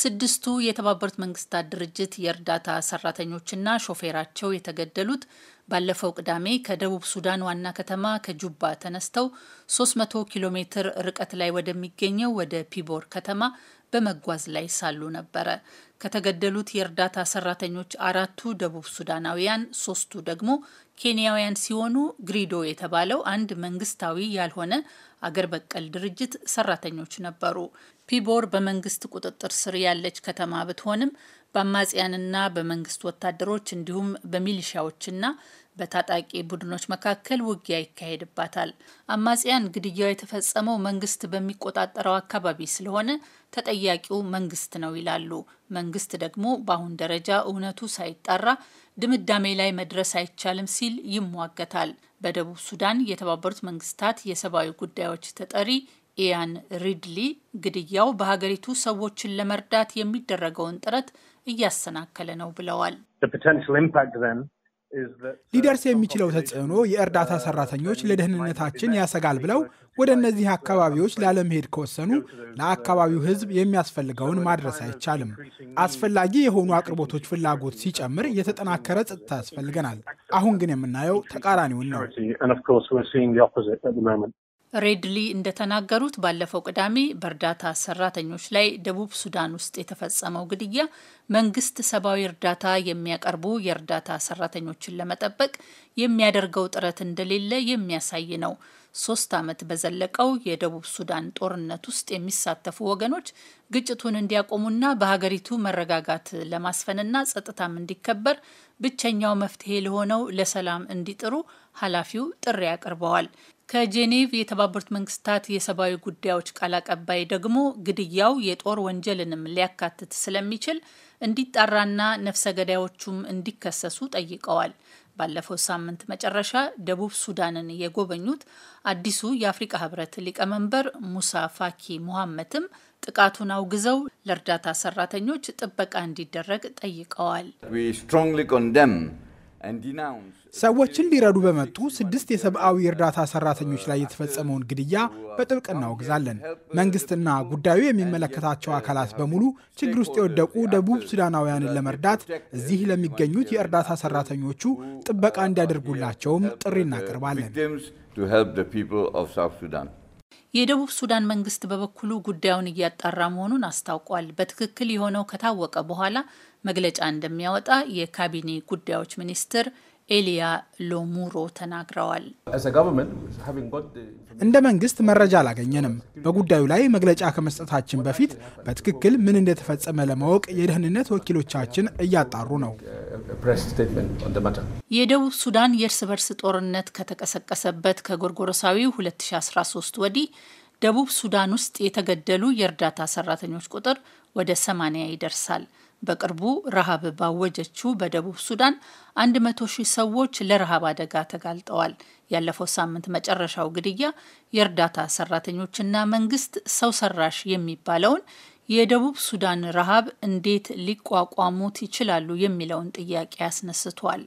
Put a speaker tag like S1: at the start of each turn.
S1: ስድስቱ የተባበሩት መንግስታት ድርጅት የእርዳታ ሰራተኞችና ሾፌራቸው የተገደሉት ባለፈው ቅዳሜ ከደቡብ ሱዳን ዋና ከተማ ከጁባ ተነስተው 300 ኪሎ ሜትር ርቀት ላይ ወደሚገኘው ወደ ፒቦር ከተማ በመጓዝ ላይ ሳሉ ነበረ። ከተገደሉት የእርዳታ ሰራተኞች አራቱ ደቡብ ሱዳናውያን፣ ሶስቱ ደግሞ ኬንያውያን ሲሆኑ ግሪዶ የተባለው አንድ መንግስታዊ ያልሆነ አገር በቀል ድርጅት ሰራተኞች ነበሩ። ፒቦር በመንግስት ቁጥጥር ስር ያለች ከተማ ብትሆንም በአማጽያንና በመንግስት ወታደሮች እንዲሁም በሚሊሻዎችና በታጣቂ ቡድኖች መካከል ውጊያ ይካሄድባታል። አማጽያን ግድያው የተፈጸመው መንግስት በሚቆጣጠረው አካባቢ ስለሆነ ተጠያቂው መንግስት ነው ይላሉ። መንግስት ደግሞ በአሁን ደረጃ እውነቱ ሳይጣራ ድምዳሜ ላይ መድረስ አይቻልም ሲል ይሟገታል። በደቡብ ሱዳን የተባበሩት መንግስታት የሰብአዊ ጉዳዮች ተጠሪ ኢያን ሪድሊ ግድያው በሀገሪቱ ሰዎችን ለመርዳት የሚደረገውን ጥረት እያሰናከለ ነው ብለዋል።
S2: ሊደርስ የሚችለው ተጽዕኖ የእርዳታ ሰራተኞች ለደህንነታችን ያሰጋል ብለው ወደ እነዚህ አካባቢዎች ላለመሄድ ከወሰኑ ለአካባቢው ሕዝብ የሚያስፈልገውን ማድረስ አይቻልም። አስፈላጊ የሆኑ አቅርቦቶች ፍላጎት ሲጨምር የተጠናከረ ጸጥታ ያስፈልገናል። አሁን ግን የምናየው ተቃራኒውን ነው።
S1: ሬድሊ እንደተናገሩት ባለፈው ቅዳሜ በእርዳታ ሰራተኞች ላይ ደቡብ ሱዳን ውስጥ የተፈጸመው ግድያ መንግስት ሰብአዊ እርዳታ የሚያቀርቡ የእርዳታ ሰራተኞችን ለመጠበቅ የሚያደርገው ጥረት እንደሌለ የሚያሳይ ነው። ሶስት ዓመት በዘለቀው የደቡብ ሱዳን ጦርነት ውስጥ የሚሳተፉ ወገኖች ግጭቱን እንዲያቆሙና በሀገሪቱ መረጋጋት ለማስፈንና ጸጥታም እንዲከበር ብቸኛው መፍትሄ ለሆነው ለሰላም እንዲጥሩ ኃላፊው ጥሪ አቅርበዋል። ከጄኔቭ የተባበሩት መንግስታት የሰብአዊ ጉዳዮች ቃል አቀባይ ደግሞ ግድያው የጦር ወንጀልንም ሊያካትት ስለሚችል እንዲጣራና ነፍሰ ገዳዮቹም እንዲከሰሱ ጠይቀዋል። ባለፈው ሳምንት መጨረሻ ደቡብ ሱዳንን የጎበኙት አዲሱ የአፍሪቃ ህብረት ሊቀመንበር ሙሳ ፋኪ ሙሐመትም ጥቃቱን አውግዘው ለእርዳታ ሰራተኞች ጥበቃ እንዲደረግ ጠይቀዋል።
S2: ሰዎችን ሊረዱ በመጡ ስድስት የሰብአዊ እርዳታ ሰራተኞች ላይ የተፈጸመውን ግድያ በጥብቅ እናወግዛለን። መንግስትና ጉዳዩ የሚመለከታቸው አካላት በሙሉ ችግር ውስጥ የወደቁ ደቡብ ሱዳናውያንን ለመርዳት እዚህ ለሚገኙት የእርዳታ ሰራተኞቹ ጥበቃ እንዲያደርጉላቸውም ጥሪ እናቀርባለን።
S1: የደቡብ ሱዳን መንግስት በበኩሉ ጉዳዩን እያጣራ መሆኑን አስታውቋል። በትክክል የሆነው ከታወቀ በኋላ መግለጫ እንደሚያወጣ የካቢኔ ጉዳዮች ሚኒስትር ኤልያ ሎሙሮ ተናግረዋል።
S2: እንደ መንግስት መረጃ አላገኘንም። በጉዳዩ ላይ መግለጫ ከመስጠታችን በፊት በትክክል ምን እንደተፈጸመ ለማወቅ የደህንነት ወኪሎቻችን እያጣሩ ነው።
S1: የደቡብ ሱዳን የእርስ በርስ ጦርነት ከተቀሰቀሰበት ከጎርጎሮሳዊ 2013 ወዲህ ደቡብ ሱዳን ውስጥ የተገደሉ የእርዳታ ሰራተኞች ቁጥር ወደ 80 ይደርሳል። በቅርቡ ረሃብ ባወጀችው በደቡብ ሱዳን 100 ሺህ ሰዎች ለረሃብ አደጋ ተጋልጠዋል። ያለፈው ሳምንት መጨረሻው ግድያ የእርዳታ ሰራተኞችና መንግስት ሰው ሰራሽ የሚባለውን የደቡብ ሱዳን ረሃብ እንዴት ሊቋቋሙት ይችላሉ የሚለውን ጥያቄ አስነስቷል።